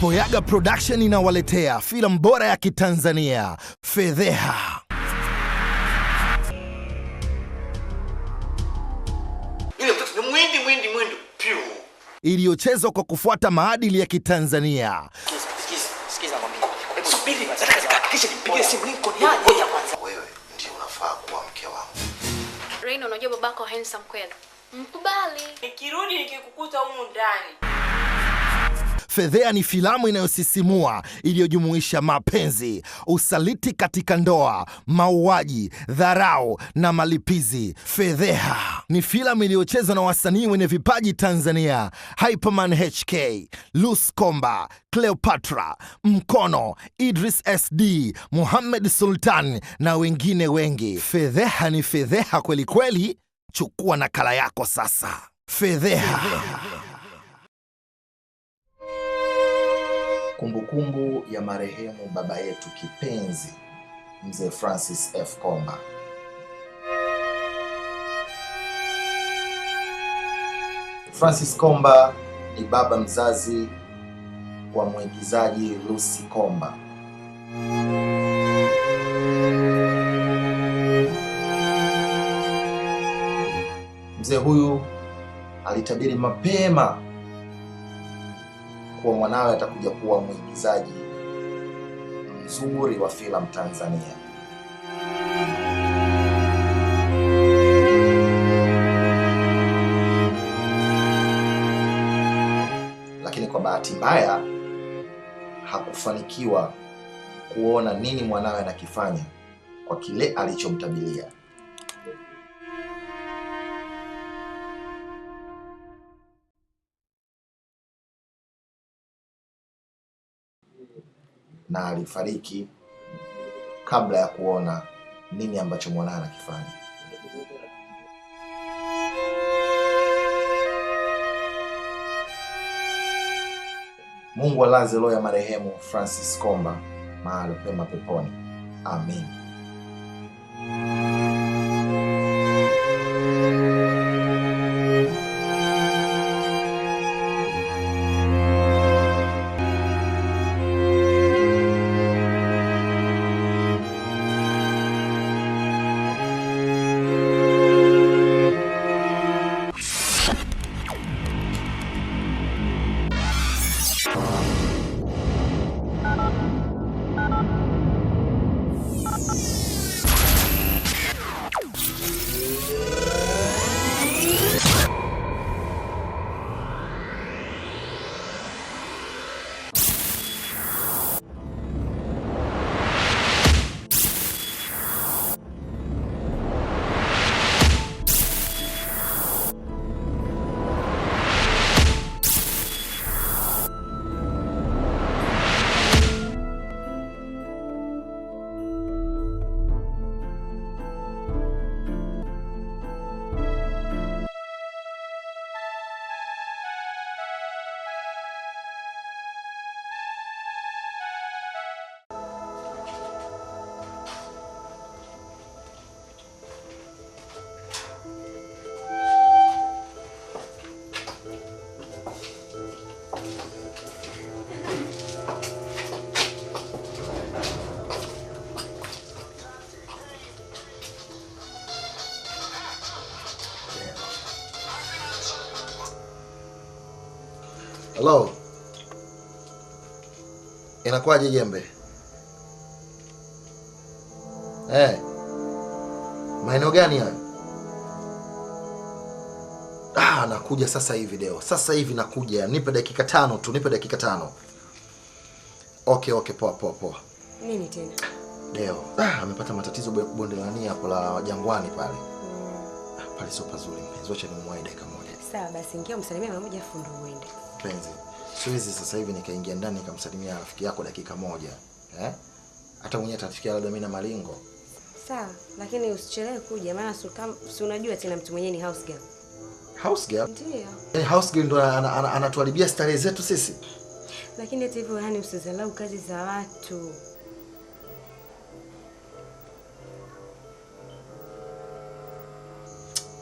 Poyaga Production inawaletea filamu bora ya Kitanzania, Fedheha. iliyochezwa kwa kufuata maadili ya Kitanzania. Unajua babako handsome kweli, mkubali. Nikirudi nikikukuta humu ndani Fedhea ni filamu inayosisimua iliyojumuisha mapenzi, usaliti katika ndoa, mauaji, dharau na malipizi. Fedheha ni filamu iliyochezwa na wasanii wenye vipaji Tanzania: Hyperman HK, Lus Komba, Cleopatra Mkono, Idris SD, Muhammad Sultan na wengine wengi. Fedheha ni fedheha kwelikweli. Chukua nakala yako sasa. Fedheha. kumbukumbu ya marehemu baba yetu kipenzi mzee Francis F. comba Francis comba ni baba mzazi wa mwigizaji lusi Komba. Mzee huyu alitabiri mapema kuwa mwanawe atakuja kuwa mwigizaji mzuri wa filamu Tanzania. Lakini kwa bahati mbaya hakufanikiwa kuona nini mwanawe anakifanya kwa kile alichomtabilia. na alifariki kabla ya kuona nini ambacho mwanae anakifanya. Mungu alaze roho ya marehemu Francis Komba mahali pema peponi. Amen. Inakuwaje jembe eh? Maeneo gani hayo? Ah, nakuja sasa hivi Deo, sasa hivi nakuja. Nipe dakika tano tu, nipe dakika tano. Okay, okay, poa poa poa. Nini tena Deo? Ah, amepata matatizo bonde la nani hapo la Jangwani pale mm. ah, pale, sio pazuri mpenzi, wacha nimwahi dakika moja. Sawa basi, ingia umsalimie mara moja, afu uende mpenzi siwezi sasa hivi nikaingia ndani nikamsalimia rafiki yako dakika moja eh? Hata mwenyewe atafikia labda mimi na malingo. Sawa, lakini usichelewe kuja, maana si unajua tena mtu mwenyewe ni house girl. House girl? Ndio. Eh, house girl ndo anatuharibia ana, ana starehe zetu sisi. Lakini hata hivyo, yani usizalau kazi za watu.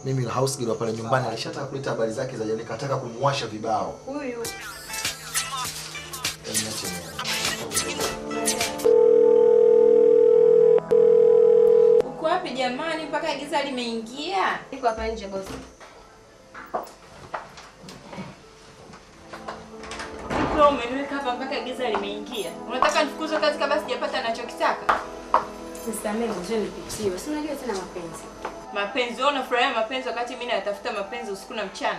Mimi la house girl pale nyumbani alishataka kuleta habari zake za jana, nikataka kumwasha vibao. Huyu giza limeingia. Iko hapa nje boss. Niko umeniweka hapa mpaka giza limeingia. Unataka nifukuzwe kazi kabla sijapata nachokitaka? Nisamehe, njoo nipitie. Si unajua tena mapenzi. Mapenzi, wewe unafurahia mapenzi wakati mimi natafuta mapenzi usiku na mchana.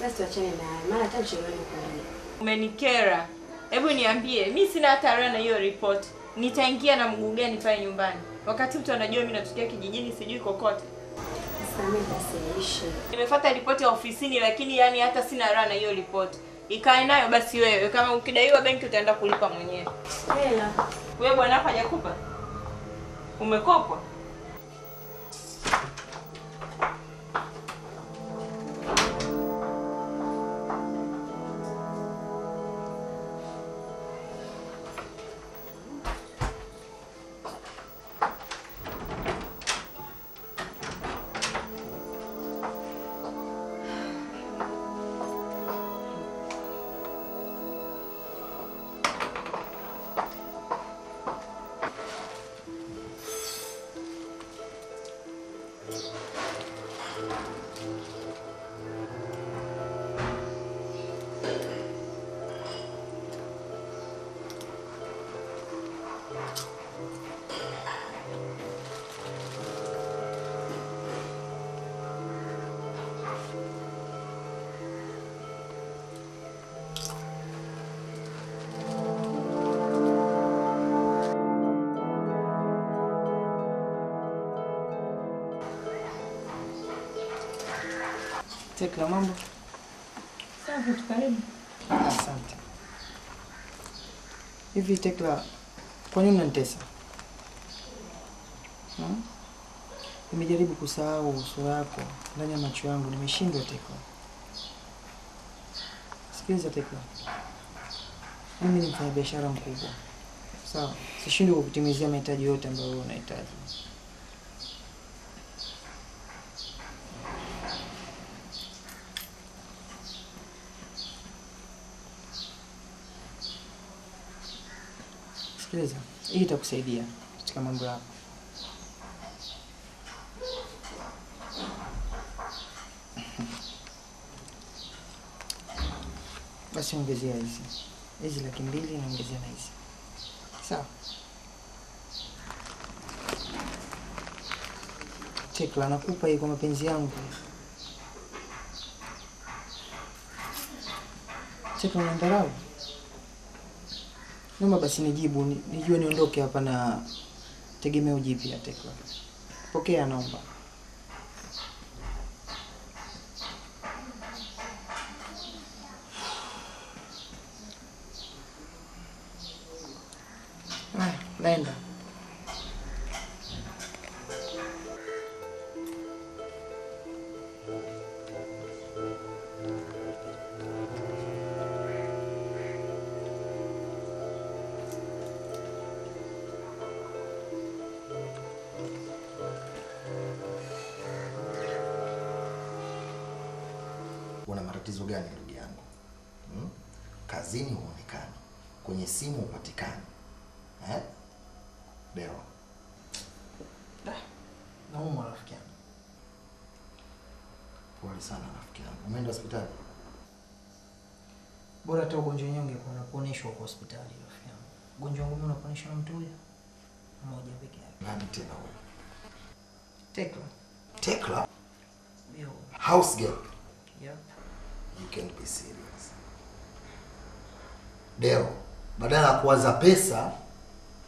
Basi tuachane na haya. Maana hata mshangani kuongea. Umenikera. Hebu niambie, mimi sina hata raha na hiyo report. Nitaingia na mguu gani pale nyumbani? wakati mtu anajua mimi natokea kijijini, sijui kokote. Nimefuata ripoti ya ofisini, lakini yani hata sina raha na hiyo ripoti. Ikae nayo basi wewe, kama ukidaiwa benki utaenda kulipa mwenyewe. Hela wewe bwana hajakupa, umekopwa Thank you. Tekla, mambo? karibu. Asante. Hivi Tekla, kwa nini unanitesa? Hmm? Nimejaribu kusahau uso wako ndani ya macho yangu, nimeshindwa Tekla. Sikiliza Tekla, mimi ni mfanyabiashara mkubwa, sawa? Sishindwi kukutimizia mahitaji yote ambayo unahitaji. sikiliza, hii itakusaidia katika mambo yako. Basi ongezea hizi hizi laki mbili naongezea na hizi sawa. Tekla, nakupa hii kwa mapenzi yangu. Tekla, unanidharau. Naomba basi nijibu, nijue niondoke hapa na tegemeo jipya. Tekla, pokea naomba. naenda. tatizo gani ndugu yangu hmm? Kazini huonekani, kwenye simu hupatikani eh? Deo naumwa rafiki yangu. Pole sana rafiki yangu, umeenda hospitali? Bora hata ugonjwa wenyewe ungekuwa unaponeshwa kwa hospitali rafiki yangu. Ugonjwa wangu unaponeshwa na mtu huyo mmoja peke yake. Nani tena huyo? Tekla. Tekla? Yo. House girl you can't be serious. Deo, badala ya kuwaza pesa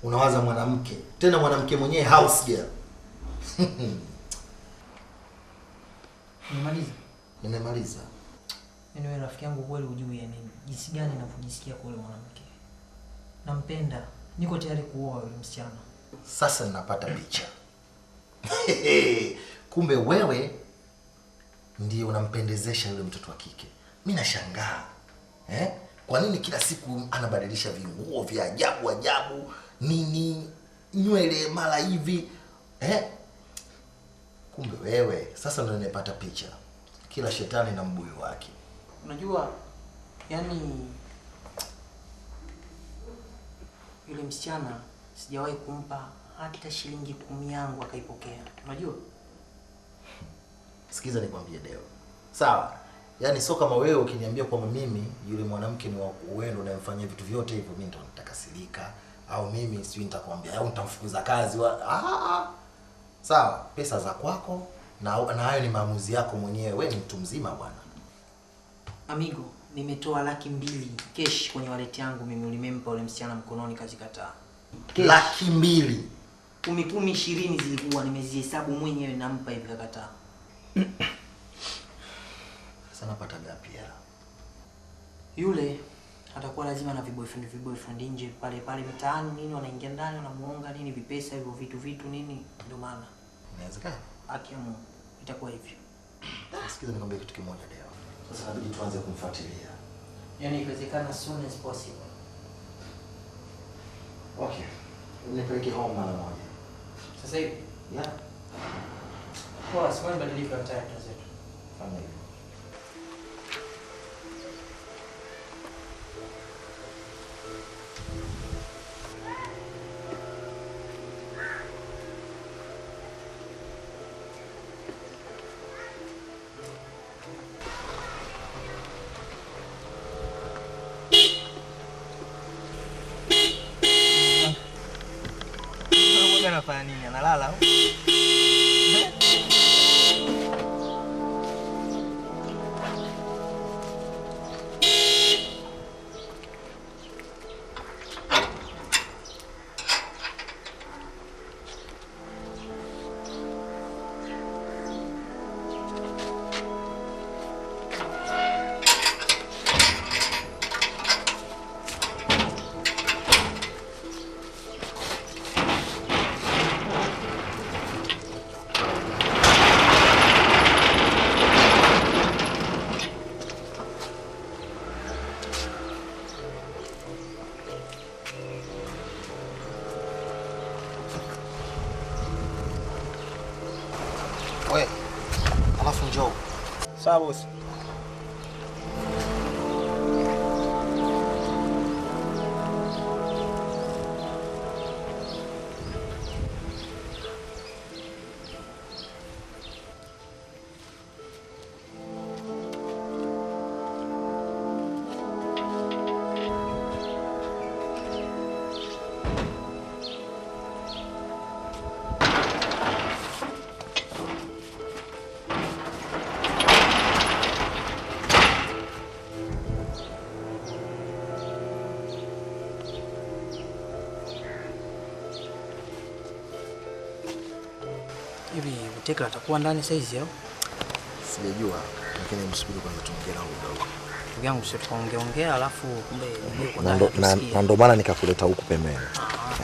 unawaza mwanamke, tena mwanamke mwenyewe house girl. Nimemaliza. Nimemaliza. Mimi yaani rafiki yangu kweli ujui ya nini? Jinsi gani ninavyojisikia kwa yule mwanamke. Nampenda. Niko tayari kuoa yule msichana. Sasa ninapata picha. Kumbe wewe ndiye unampendezesha yule mtoto wa kike mi nashangaa eh? Kwa nini kila siku anabadilisha vinguo vya ajabu ajabu nini, nywele mara hivi eh? Kumbe wewe sasa ndo nimepata picha, kila shetani na mbuyu wake. Unajua yani, yule msichana sijawahi kumpa hata shilingi kumi yangu akaipokea. Unajua, sikiza nikwambie Deo, sawa Yaani sio kama wewe ukiniambia kwamba mimi yule mwanamke ni wewe unayemfanyia vitu vyote hivyo, mimi ndo nitakasirika au mimi sijui nitakwambia au nitamfukuza kazi wa... ah, ah, ah. sawa, pesa za kwako na na hayo ni maamuzi yako mwenyewe, wewe ni mtu mzima bwana. Amigo, nimetoa laki mbili cash kwenye wallet yangu mimi, ulimempa ule msichana mkononi, katika kazikataa. Laki mbili kumi kumi ishirini zilikuwa nimezihesabu mwenyewe, nampa hivi, kakataa sana gapi pia yule atakuwa lazima na viboyfriend viboyfriend nje pale pale mtaani nini, wanaingia ndani wanamuonga nini, vipesa hivyo vitu vitu nini. Ndio maana inawezekana haki itakuwa hivyo. Ah. Sikiza nikwambie kitu kimoja leo, sasa inabidi tuanze kumfuatilia, Yaani ikiwezekana soon as possible. Okay, nipeleke home mara moja sasa hivi. Yeah, Kwa sababu badilika tayari zetu, fanya hivyo. Tekla atakuwa ndani saizi au? Sijajua, lakini msubiri kwanza tuongee nao kidogo. Ndugu yangu sio tuongee ongea alafu kumbe ndio kwa ndani. Na ndio maana nikakuleta huku pembeni. Ah.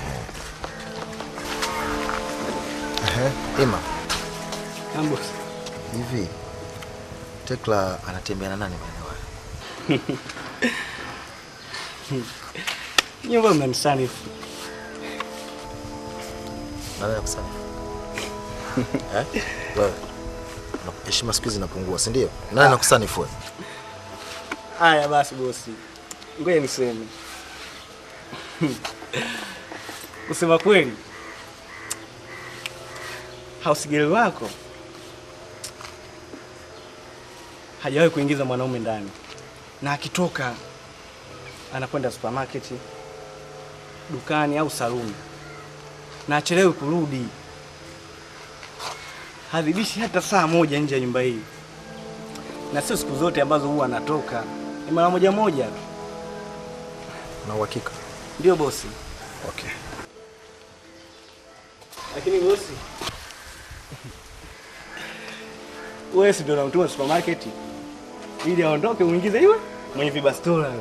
Ehe. Ehe, Ima. Jambo. Hivi Tekla anatembea na nani maeneo haya? Nyumba mnanisanifu. Nani akusanifu? Eh? Heshima siku hizi inapungua, si ndio? Nani anakusanifua? Haya basi bosi, ngoja niseme. Kusema kweli, hausigeli wako hajawahi kuingiza mwanaume ndani, na akitoka anakwenda supermarket, dukani au saluni, na achelewi kurudi hazidishi hata saa moja nje ya nyumba hii, na sio siku zote ambazo huwa anatoka, ni mara moja moja. Na uhakika? Ndio bosi. Okay. Lakini bosi, wewe si ndio unamtuma supermarket ili aondoke, uingize iwe mwenye vibastola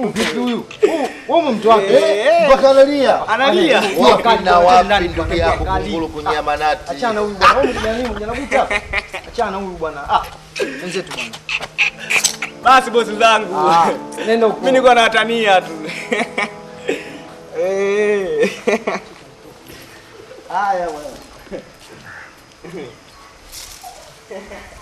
Vipi huyu wewe mtu wake eh, mpaka analia analia, wapi na wapi ndugu yako kunguru kwenye amanati. Achana huyu bwana, wewe mjanimu unanakuta. Achana huyu bwana, ah wenzetu bwana. Basi bosi zangu, ah, nenda huko, mimi niko na watania tu. Eh, haya wewe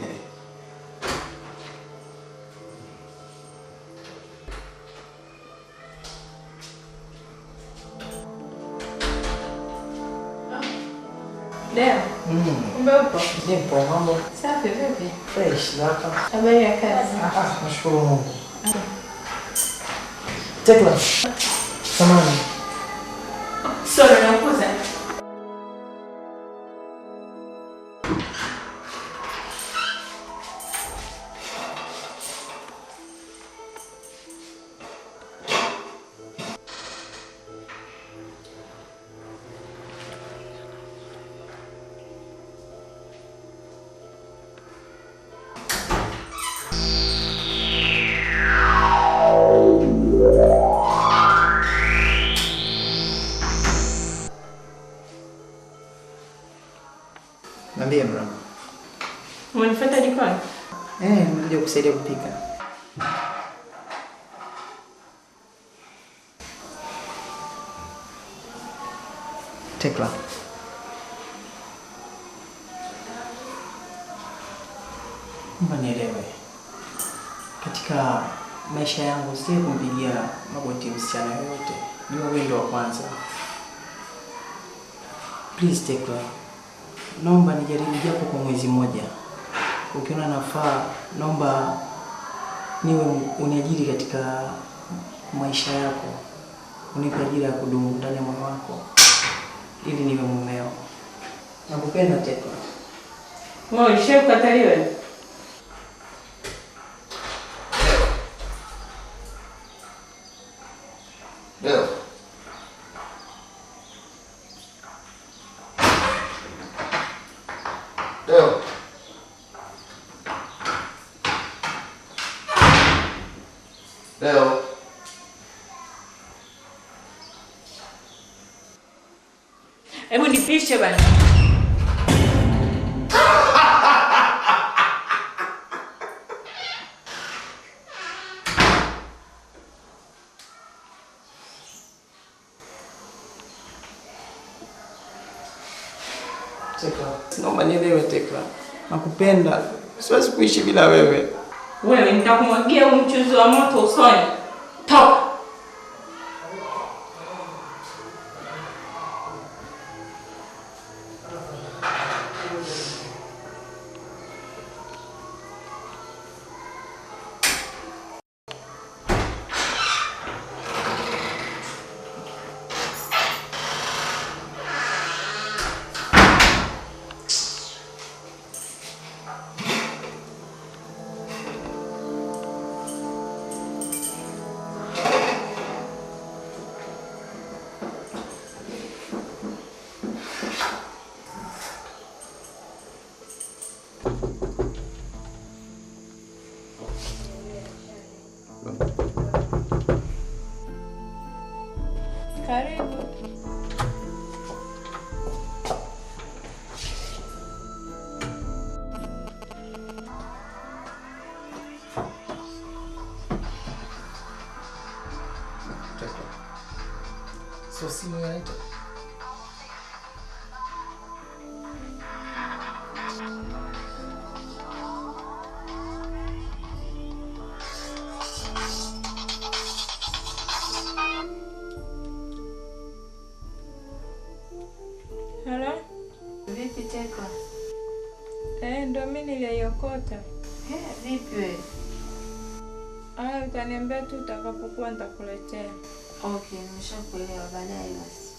Deo. Hum. Mm. Mbeupo. amor sabe Safi vipi? Fresh hapa. também é casa Ah, nashukuru Mungu. Tekla. Samani. Sorry, nakuza. Mwambie mrama. Umenifuata jikoni? Eh, nimekuja kusaidia kupika. Tekla. Mba nielewe. Katika maisha yangu sie kumpigia magoti msichana yoyote. Ni wewe ndio wa kwanza. Please Tekla naomba nijaribu japo kwa mwezi mmoja. Ukiona nafaa, naomba niwe uniajiri katika maisha yako, unipe ajira ya kudumu ndani ya moyo wako, ili niwe mumeo. Nakupenda Teko. Moyo ushakataliwe. Leo. Chevalier. Naomba nielewe Tekla, nakupenda, siwezi kuishi bila wewe. Wewe nitakumwagia mchuzi wa moto usoni. society. Hello? Vipi Teko? Eh, vipi utaniambia tu utakapokuwa nitakuletea. Okay, nimeshakuelewa baadaye basi.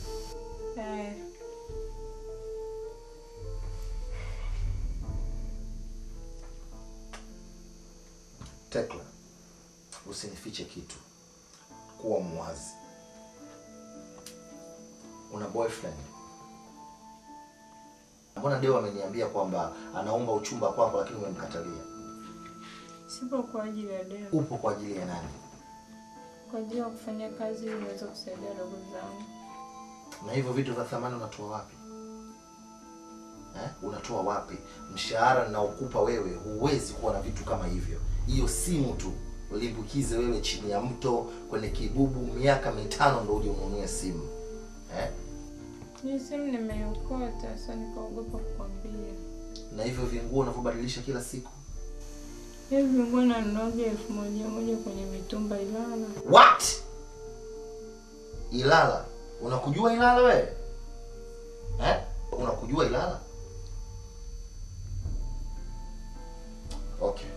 Tekla, usinifiche kitu. Kuwa mwazi. Una boyfriend? Mbona Deo ameniambia kwamba anaomba uchumba kwako, lakini umemkatalia? Sipo kwa ajili ya Deo. Upo kwa ajili ya nani? kwa ajili ya kufanya kazi ili niweze kusaidia ndugu zangu. Na hivyo vitu vya thamani unatoa wapi? Eh, unatoa wapi? Mshahara ninaokupa wewe huwezi kuwa na vitu kama hivyo. Hiyo simu tu ulimbukize wewe chini ya mto kwenye kibubu, miaka mitano ndio uje ununue simu eh? Ni simu nimeokota sasa, nikaogopa kukwambia. Na hivyo vinguo unavyobadilisha kila siku Hivi mbona ninaje elfu moja moja kwenye mitumba Ilala? What? Ilala? Unakujua Ilala wewe? Eh? Unakujua Ilala? Okay.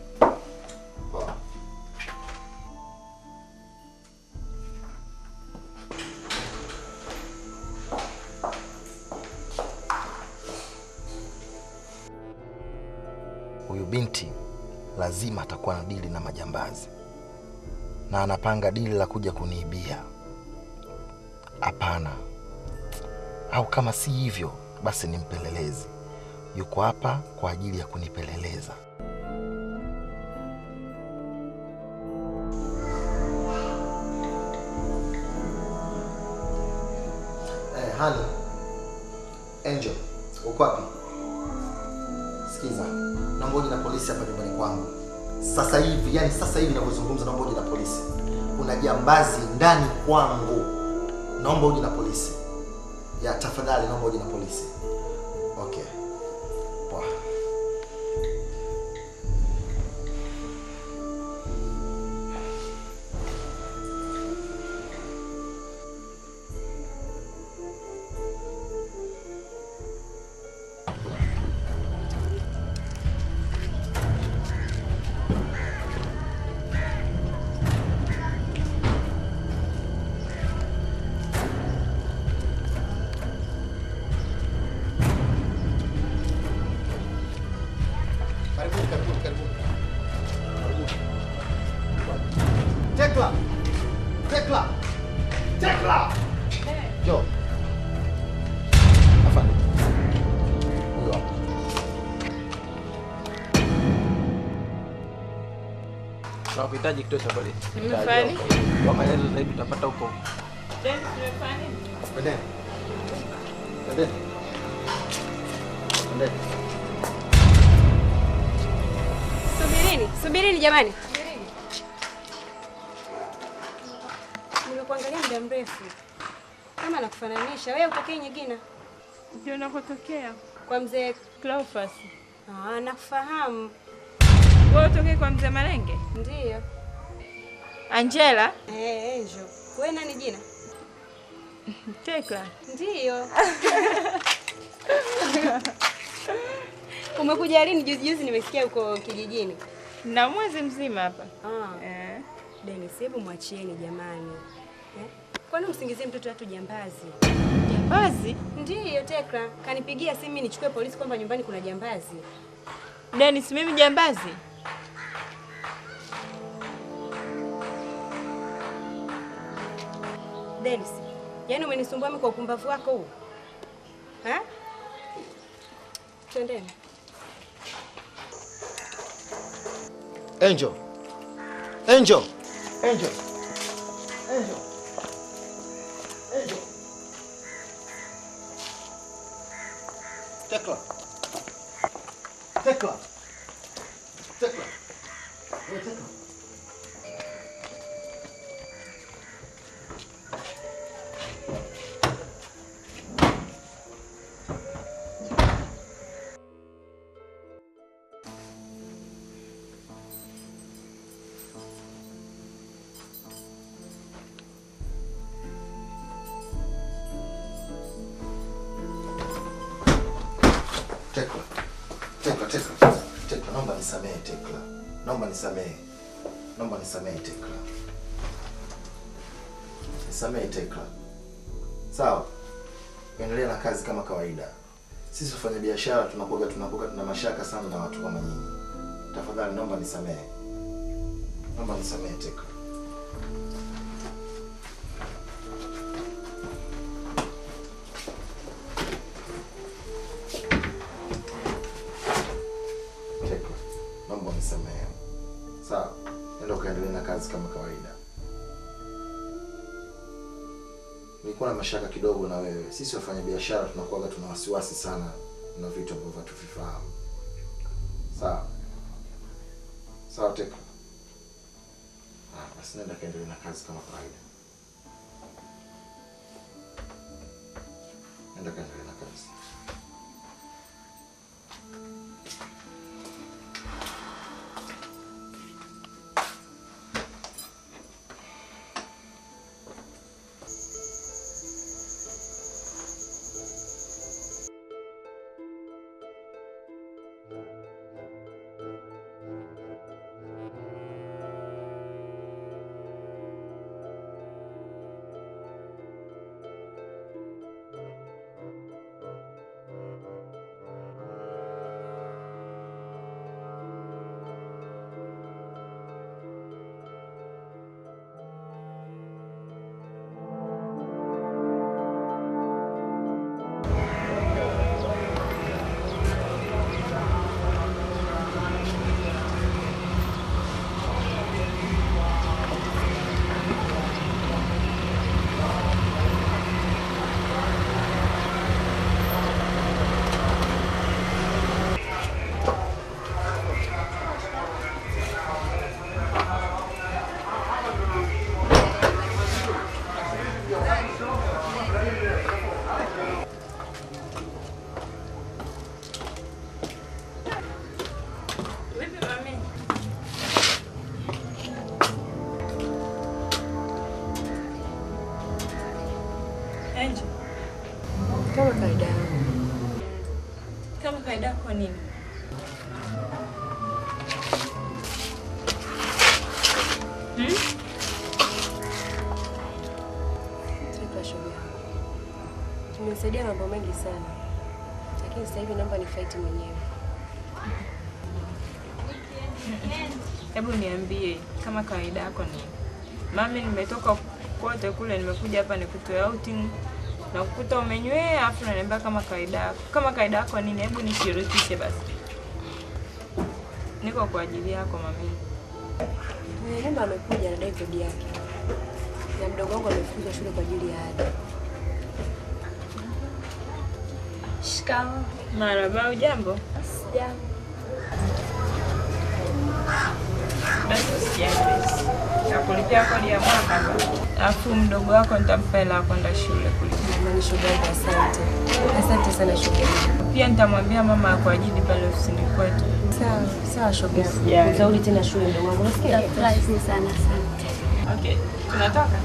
lazima atakuwa na dili na majambazi, na anapanga dili la kuja kuniibia. Hapana, au kama si hivyo basi ni mpelelezi. Yuko hapa kwa ajili ya kunipeleleza. Eh, hani Angel, uko wapi? Sikiza, naomba uje na polisi hapa nyumbani sasa hivi, yani sasa hivi ninavyozungumza, naomba uje na polisi. Kuna jambazi ndani kwangu, naomba uje na polisi ya tafadhali, naomba uje na polisi. utahitaji cha pale. Kwa maelezo zaidi utapata huko. Subirini, subirini jamani. Nimekuangalia muda mrefu kama nakufananisha wewe, uko Kenya gina. ndio nakotokea kwa mzee Cleophas. Ah. ah, nakufahamu wewe, utokee kwa mzee Malenge? Ndio. Angela. Eh, Angel. Eh, Wewe nani jina? Tekla. Ndiyo. Umekuja lini? Juzi juzi nimesikia uko kijijini. Na mwezi mzima hapa. Ah. Eh. Dennis, hebu mwachieni jamani. Eh? Kwani msingizie mtoto watu jambazi? Jambazi? Ndiyo, Tekla. Kanipigia simu nichukue polisi kwamba nyumbani kuna jambazi. Dennis, mimi jambazi? Delis, yaani umenisumbua mimi kwa upumbavu wako huu. Eh? Twendeni. Angel. Angel. Angel. Angel. Angel. Tekla. Tekla. nisamehe, naomba nisamehe Tekla, nisamehe Tekla. Sawa, endelea na kazi kama kawaida. Sisi wafanya biashara tunakuwa tunakuwa tuna mashaka sana na watu kama nyinyi. Tafadhali naomba nisamehe, naomba nisamehe Tekla. kazi kama kawaida. Nilikuwa na mashaka kidogo na wewe. Sisi wafanya biashara tunakuwaga tuna wasiwasi sana na vitu ambavyo hatuvifahamu. Sawa sawa, teka ah, basi, naenda kaendelea na kazi kama kawaida, nenda kaendelea. wakati mwenyewe. Hebu niambie, kama kawaida yako ni mami, nimetoka kote kule, nimekuja hapa nikutoe outing na kukuta umenywea, afu unaniambia kama kawaida yako. Kama kawaida yako nini? Hebu nishirikishe basi, niko kwa ajili yako mami. Mama amekuja na kodi yake na mdogo wangu amefukuzwa shule kwa ajili ya ada Shikamoo. Marhaba. Hujambo? nakulipia kodi ya mwaka alafu mdogo wako nitampa hela kwenda shule kulipia. asante. Asante sana shoga. Pia nitamwambia mama ya kuajili pale ofisini kwetu. Sawa shoga. Usijali. tena shule mdogo wangu. Okay, tunatoka.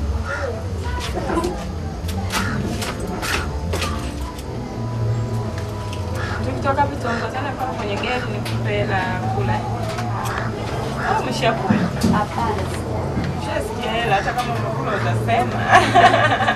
tukitoka hapo tutaongozana mpaka kwenye gari nikupe la kula. Umeshakula? Ah, Hapana. Ushasikia hela, hata kama umekula utasema